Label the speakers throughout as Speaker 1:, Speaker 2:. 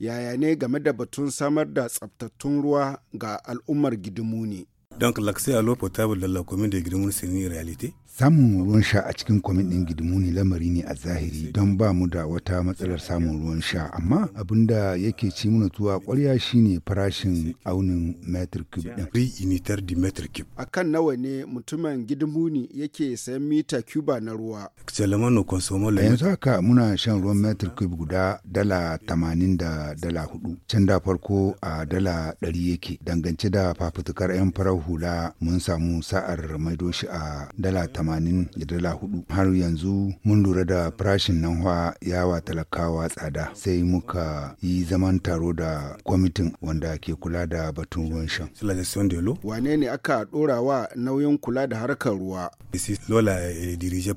Speaker 1: yaya ne game da batun samar da tsabtattun ruwa ga al'ummar gidimuni. Donc l'accès à l'eau potable dans la commune de Grimoun, c'est une
Speaker 2: Samun ruwan sha a cikin kwamin ɗin gidimuni lamari ne a zahiri don ba mu da wata matsalar samun ruwan sha amma abin da yake ci mana tuwa ƙwarya shine farashin aunin metric cube ɗin.
Speaker 1: A kan nawa ne mutumin gidimuni yake sayan mita cuba na ruwa? A yanzu
Speaker 2: haka muna shan ruwan metric cube guda dala tamanin da dala hudu. Can da farko a dala ɗari yake dangance da fafutukar 'yan farar hula mun samu sa'ar maido shi a dala tamanin da dala hudu har yanzu mun lura da farashin nan yawa talakawa tsada sai muka yi zaman taro da kwamitin wanda ke kula da batun ruwan sha
Speaker 1: wane ne aka dora wa nauyin kula da harkar ruwa eh,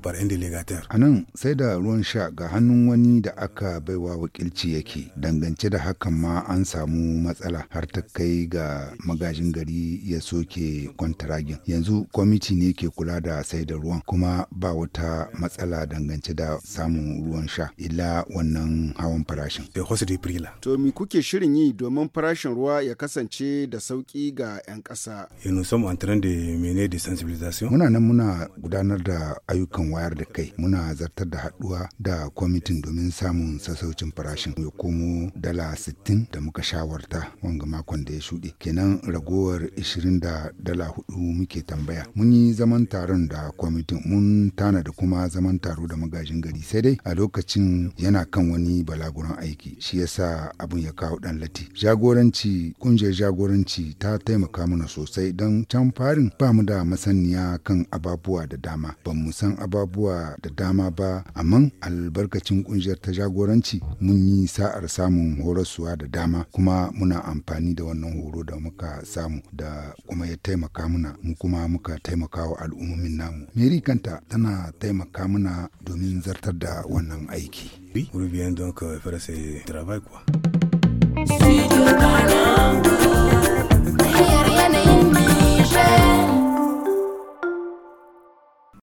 Speaker 2: a nan sai da ruwan sha ga hannun wani da aka baiwa wakilci yake dangance da hakan ma an samu matsala har ta kai ga magajin gari ya soke kwantaragin yanzu kwamiti ne ke kula da sai da da ruwan kuma ba wata matsala dangance da samun ruwan sha ila wannan hawan farashin.
Speaker 1: To me kuke shirin yi domin farashin ruwa ya kasance da sauki ga 'yan ƙasa?
Speaker 2: Muna nan muna gudanar da ayyukan wayar da kai muna zartar da haɗuwa da kwamitin domin samun sassaucin farashin ya komo dala sittin da muka shawarta wanga makon da ya shuɗe kenan ragowar 20 da dala 4 muke tambaya mun yi zaman taron da kwamitin mun tana da kuma zaman taro da magajin gari sai dai a lokacin yana kan wani balaguran aiki shi yasa abun ya kawo dan lati jagoranci kungiyar jagoranci ta taimaka mana sosai don can farin ba mu da masaniya kan ababuwa da dama ba mu san ababuwa da dama ba amma albarkacin kungiyar ta jagoranci mun yi sa'ar samun horaswa da dama kuma muna amfani da wannan horo da muka samu da kuma ya taimaka mana mu kuma muka taimaka wa al'ummomin namu Mary kanta tana taimaka mana domin zartar da wannan aiki. Oui, ou bien donc euh, faire ce travail quoi.